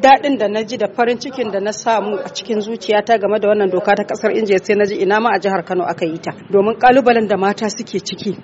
daɗin da na ji da farin cikin da na samu a cikin zuciyata game da wannan doka ta ƙasar injiya sai na ji ina ma a jihar Kano aka yi ta domin kalubalen da mata suke ciki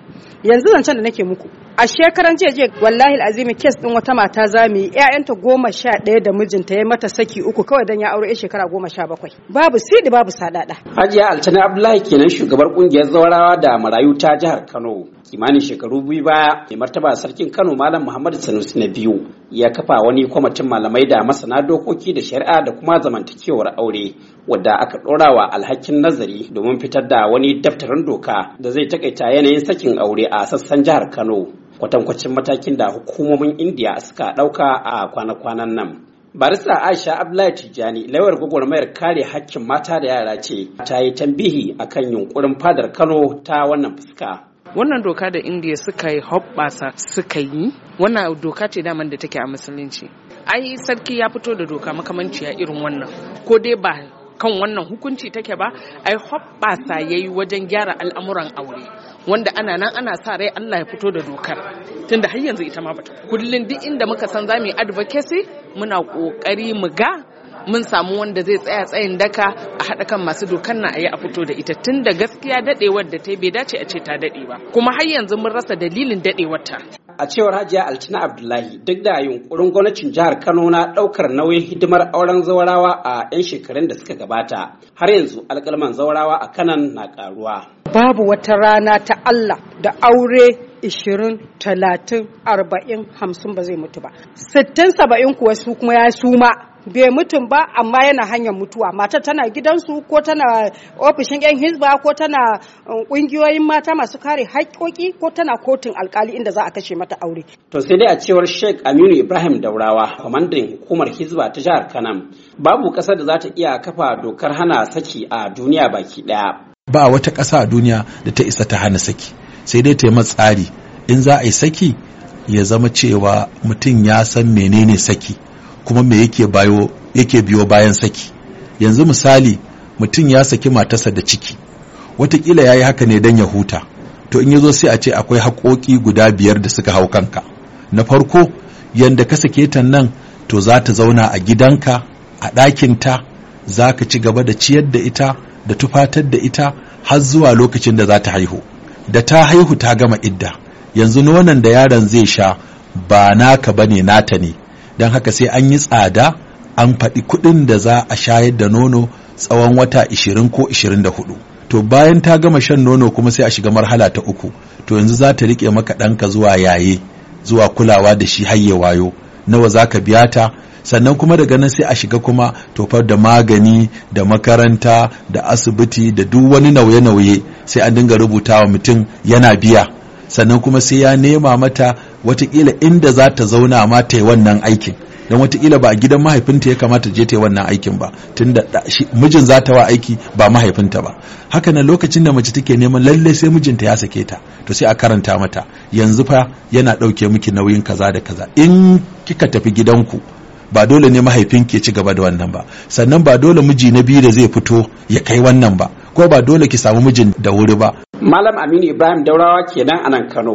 yanzu zancen da nake muku a shekaran jiya wallahi azimi kes din wata mata za mu yi ƴaƴanta goma sha ɗaya da mijinta ya mata saki uku kawai dan ya aure shekara goma sha bakwai babu sidi babu sadada hajiya altani abdullahi kenan shugabar kungiyar zawarawa da marayu ta jihar kano kimanin shekaru biyu baya mai martaba sarkin kano malam muhammadu sanusi na biyu ya kafa wani kwamitin malamai da masana dokoki da shari'a da kuma zamantakewar aure wadda aka ɗora wa alhakin nazari domin fitar da wani daftarin doka da zai takaita yanayin sakin aure aure a sassan jihar Kano kwatankwacin matakin da hukumomin Indiya suka ɗauka a kwana-kwanan nan. Barista Aisha Abdullahi Tijjani lauyar gwagwarmayar kare hakkin mata da yara ce ta yi tambihi akan yunkurin fadar Kano ta wannan fuska. wannan doka da indiya suka yi hoɓɓasa suka yi wannan doka ce daman da take a musulunci ai sarki ya fito da doka ya irin wannan ko dai ba kan wannan hukunci take ba ai hoɓɓasa ya yi wajen gyara al'amuran aure wanda ana nan ana sa rai Allah ya fito da dokar tunda har yanzu ita ma bata kullun duk inda muka san zamu yi advocacy muna kokari mu ga mun samu wanda zai tsaya tsayin daka a haɗa kan masu dokan na a yi a fito da ita tun da gaskiya daɗewar da ta yi bai dace a ce ta daɗe ba kuma har yanzu mun rasa dalilin daɗewar ta. a cewar hajiya altina abdullahi duk da yunkurin gwamnatin jihar kano na ɗaukar nauyin hidimar auren zaurawa a 'yan shekarun da suka gabata har yanzu alƙalman zaurawa a kanan na karuwa babu wata rana ta allah da aure ishirin talatin arba'in hamsin ba zai mutu ba sittin saba'in kuwa su kuma ya suma bai mutum ba amma yana hanyar mutuwa matar tana gidansu ko tana ofishin yan hizba ko tana kungiyoyin um, mata masu kare haƙƙoƙi ko tana kotun alkali inda za a kashe mata aure to sai dai a cewar Sheikh Aminu Ibrahim Daurawa kwamandan hukumar hizba ta jihar Kanam babu ƙasar da za ta iya kafa dokar hana saki a duniya baki ɗaya. ba wata ƙasa a duniya da ta isa ta hana saki sai dai ta yi tsari in za a yi saki ya zama cewa mutum ya san menene saki kuma me yake bayo yake biyo bayan saki yanzu misali mutum ya saki matarsa da ciki watakila ya yi haka ne don ya huta to in ya zo sai a ce akwai haƙoƙi guda biyar da suka hau kanka na farko yanda ka sake ta nan to za ta zauna a gidanka a ɗakinta za ka ci gaba da ciyar da ita da tufatar da ita har zuwa lokacin da za ta haihu da ta haihu ta gama idda yanzu nonon da yaron zai sha ba naka bane nata ne don haka sai an yi tsada an faɗi kuɗin da za a shayar da nono tsawon wata 20 ko 24 to bayan ta gama shan nono kuma sai a shiga marhala ta uku to yanzu za ta riƙe maka ɗanka zuwa yaye zuwa kulawa da shi hayye wayo nawa za ka biya ta sannan kuma daga nan sai a shiga kuma tofar da magani da makaranta da asibiti da duk wani nauye-nauye sai an dinga rubuta wa mutum yana biya sannan kuma sai ya nema mata watakila inda za ta zauna ma ta yi wannan aikin don watakila ba a gidan mahaifinta ya kamata je ta yi wannan aikin ba tunda mijin za ta wa aiki ba mahaifinta ba haka nan lokacin da mace take neman lalle sai mijinta ya sake ta to sai a karanta mata yanzu fa yana ɗauke miki nauyin kaza da kaza in kika tafi gidanku ba dole ne mahaifinki ya ci gaba da wannan ba sannan ba dole miji na biyu da zai fito ya kai wannan ba ko ba dole ki samu mijin da wuri ba malam aminu ibrahim daurawa kenan a nan kano